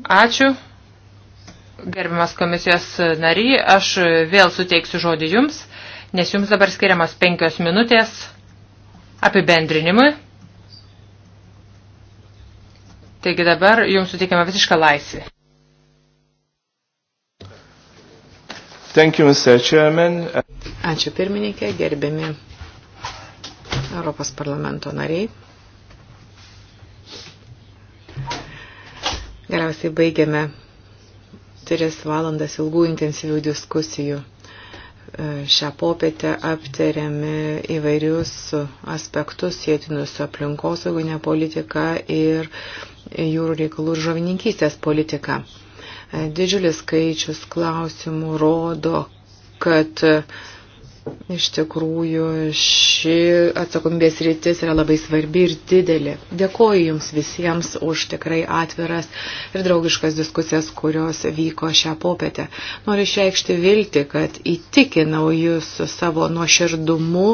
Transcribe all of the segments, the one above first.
Ačiū. Gerbiamas komisijos nary, aš vėl suteiksiu žodį jums, nes jums dabar skiriamas penkios minutės apibendrinimui. Taigi dabar jums suteikiama visišką laisvę. Thank you, Mr. Chairman. Ačiū pirmininkė, gerbiami Europos parlamento nariai. Galiausiai baigiame tris valandas ilgų intensyvių diskusijų. E, šią popietę aptariami įvairius aspektus sėtinus su aplinkosauginė politika ir jūrų reikalų ir žovininkystės politika. E, didžiulis skaičius klausimų rodo, kad Iš tikrųjų, ši atsakomybės rytis yra labai svarbi ir didelė. Dėkoju Jums visiems už tikrai atviras ir draugiškas diskusijas, kurios vyko šią popietę. Noriu išreikšti vilti, kad įtikinau Jūs savo nuoširdumu,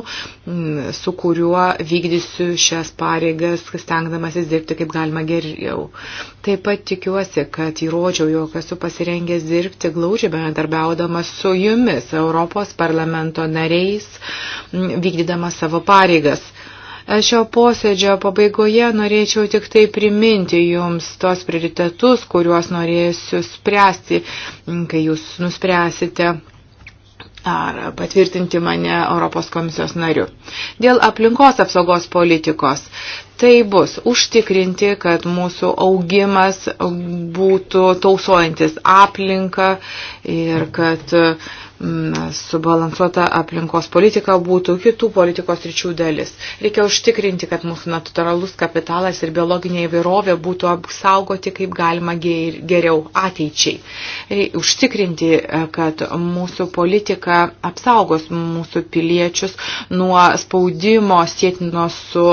su kuriuo vykdysiu šias pareigas, stengdamasis dirbti kaip galima geriau. Taip pat tikiuosi, kad įrodžiau, jog esu pasirengęs dirbti glaudžiai bendradarbiaudamas su Jumis, Europos parlamento nariai nariais, vykdydama savo pareigas. Šio posėdžio pabaigoje norėčiau tik tai priminti jums tos prioritetus, kuriuos norėsiu spręsti, kai jūs nuspręsite ar patvirtinti mane Europos komisijos nariu. Dėl aplinkos apsaugos politikos tai bus užtikrinti, kad mūsų augimas būtų tausojantis aplinką ir kad uh, subalansuota aplinkos politika būtų kitų politikos ryčių dalis. Reikia užtikrinti, kad mūsų natūralus kapitalas ir biologinė įvairovė būtų apsaugoti kaip galima geriau ateičiai. Reikia užtikrinti, e, kad mūsų politika apsaugos mūsų piliečius nuo spaudimo sėtino su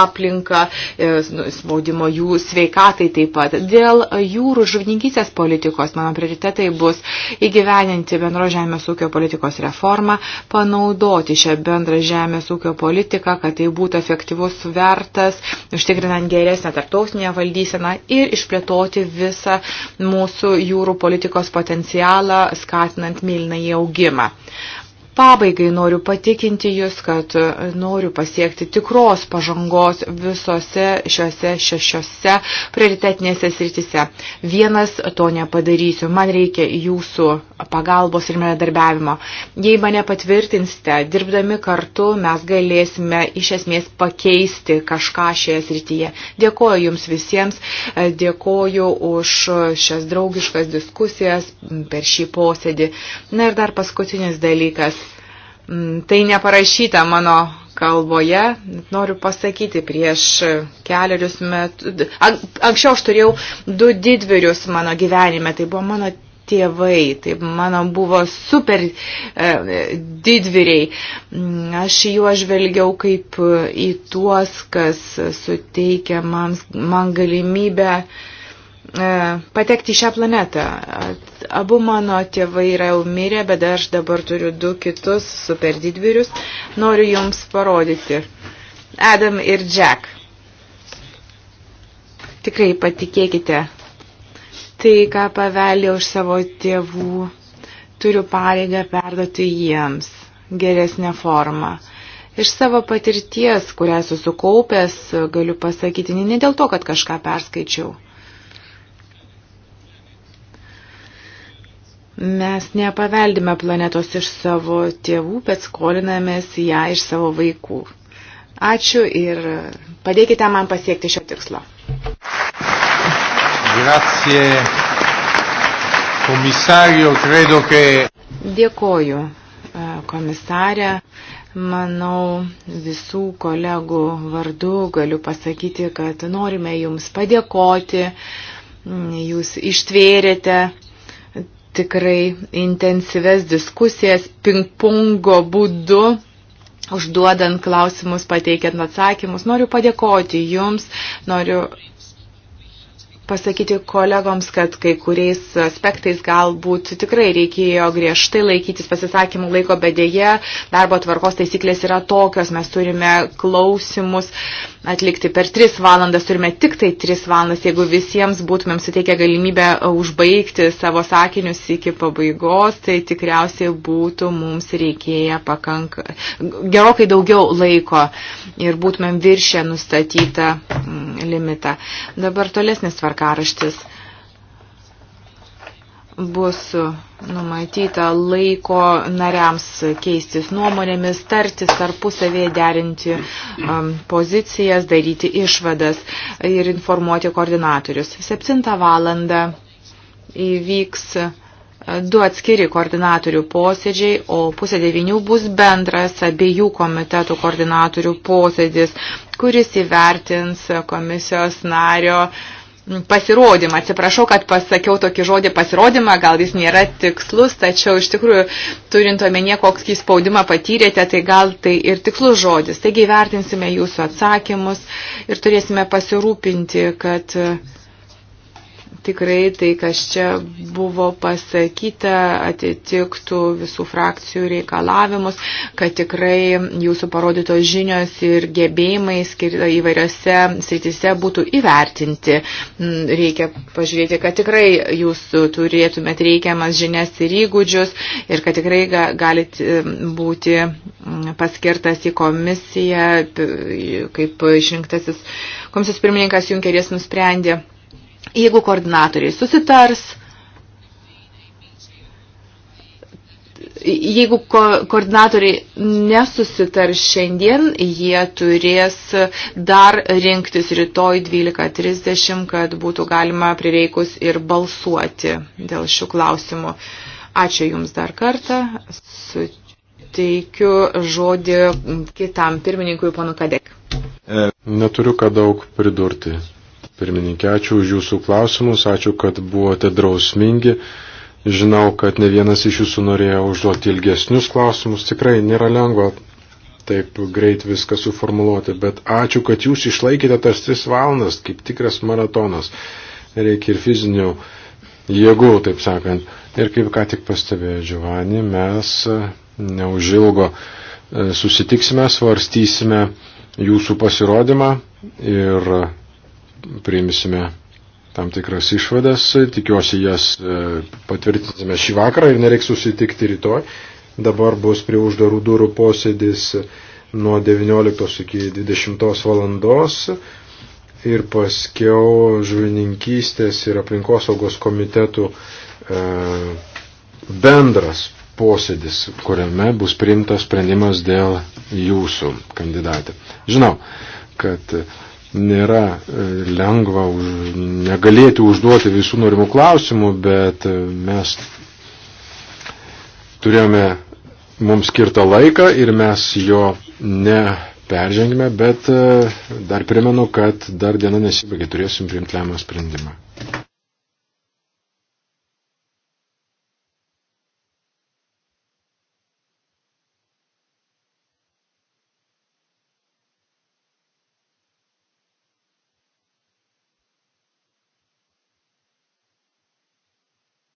aplinka, e, nu, spaudimo jų sveikatai taip pat. Dėl jūrų žuvininkysės politikos mano prioritetai bus įgyveninti bendro žemės žemės ūkio politikos reformą, panaudoti šią bendrą žemės ūkio politiką, kad tai būtų efektyvus svertas, užtikrinant geresnę tarptautinę valdyseną ir išplėtoti visą mūsų jūrų politikos potencialą, skatinant milnai augimą. Pabaigai noriu patikinti Jūs, kad e, noriu pasiekti tikros pažangos visose šiuose šešiose prioritetinėse sritise. Vienas to nepadarysiu. Man reikia Jūsų pagalbos ir bendradarbiavimo. Jei mane patvirtinsite, dirbdami kartu mes galėsime iš esmės pakeisti kažką šioje srityje. Dėkoju Jums visiems, e, dėkoju už šias draugiškas diskusijas per šį posėdį. Na ir dar paskutinis dalykas Mm, tai neparašyta mano kalboje, noriu pasakyti, prieš keliarius metus, anksčiau aš turėjau du didvirius mano gyvenime, tai buvo mano tėvai, tai mano buvo super e, didviriai. Mm, aš juo žvelgiau kaip į tuos, kas suteikia man, man galimybę e, patekti į šią planetą. Abu mano tėvai yra jau mirę, bet aš dabar turiu du kitus super didvyrius. Noriu jums parodyti. Adam ir Jack. Tikrai patikėkite. Tai, ką paveldėjau iš savo tėvų, turiu pareigą perduoti jiems geresnę formą iš savo patirties, kurią susikaupęs, galiu pasakyti, ne dėl to, kad kažką perskaičiau. Mes nepaveldime planetos iš savo tėvų, bet skolinamės ją iš savo vaikų. Ačiū ir padėkite man pasiekti šio tikslo. Grazie, komisario, credo che... Dėkoju, e, komisarė. Manau, visų kolegų vardu galiu pasakyti, kad norime Jums padėkoti. Jūs ištvėrėte tikrai intensyves diskusijas pingpongo būdu užduodant klausimus, pateikiant atsakymus. Noriu padėkoti Jums, noriu pasakyti kolegoms, kad kai kuriais aspektais galbūt tikrai reikėjo griežtai laikytis pasisakymų laiko, bet dėje darbo tvarkos taisyklės yra tokios. Mes turime klausimus atlikti per tris valandas, turime tik tai tris valandas, jeigu visiems būtumėm suteikę galimybę užbaigti savo sakinius iki pabaigos, tai tikriausiai būtų mums reikėję pakank... gerokai daugiau laiko ir būtumėm viršę nustatytą mm, limitą. Dabar tolesnis tvarkas tvarkaraštis. Bus numatyta laiko nariams keistis nuomonėmis, tartis tarpusavėje, derinti um, pozicijas, daryti išvadas ir informuoti koordinatorius. 7 valandą įvyks uh, du atskiri koordinatorių posėdžiai, o pusė devinių bus bendras abiejų komitetų koordinatorių posėdis, kuris įvertins komisijos nario uh, pasirodymą. Atsiprašau, kad pasakiau tokį žodį pasirodymą, gal jis nėra tikslus, tačiau iš tikrųjų turint omenyje, koks jį spaudimą patyrėte, tai gal tai ir tikslus žodis. Taigi vertinsime jūsų atsakymus ir turėsime pasirūpinti, kad uh, tikrai tai, kas čia buvo pasakyta, atitiktų visų frakcijų reikalavimus, kad tikrai jūsų parodytos žinios ir gebėjimai įvairiose sritise būtų įvertinti. Mm, Reikia pažiūrėti, kad tikrai jūs turėtumėt reikiamas žinias ir įgūdžius ir kad tikrai galit mm, būti mm, paskirtas į komisiją, kaip išrinktasis komisijos pirmininkas Junkeris nusprendė. Jeigu koordinatoriai susitars, jeigu ko koordinatoriai nesusitar šiandien, jie turės dar rinktis rytoj 12.30, kad būtų galima prireikus ir balsuoti dėl šių klausimų. Ačiū Jums dar kartą. Suteikiu žodį kitam pirmininkui, panu Kadek. Neturiu ką daug pridurti. Pirmininkė, ačiū už jūsų klausimus, ačiū, kad buvote drausmingi. Žinau, kad ne vienas iš jūsų norėjo užduoti ilgesnius klausimus. Tikrai nėra lengva taip greit viską suformuluoti, bet ačiū, kad jūs išlaikėte tas tris valandas, kaip tikras maratonas. Reikia ir fizinių jėgų, taip sakant. Ir kaip ką tik pastebėjo Giovanni, mes neužilgo e, susitiksime, svarstysime jūsų pasirodymą ir priimsime tam tikras išvadas, tikiuosi jas e, patvirtinsime šį vakarą ir nereiks susitikti rytoj. Dabar bus prie uždarų durų posėdis nuo 19 iki 20 valandos ir paskiau žuvininkystės ir aplinkosaugos komitetų e, bendras posėdis, kuriame bus priimtas sprendimas dėl jūsų kandidatė. Žinau, kad nėra e, lengva už, negalėti užduoti visų norimų klausimų, bet e, mes turėjome mums skirtą laiką ir mes jo neperžengime, bet e, dar primenu, kad dar diena nesibaigė, turėsim priimti lemą sprendimą.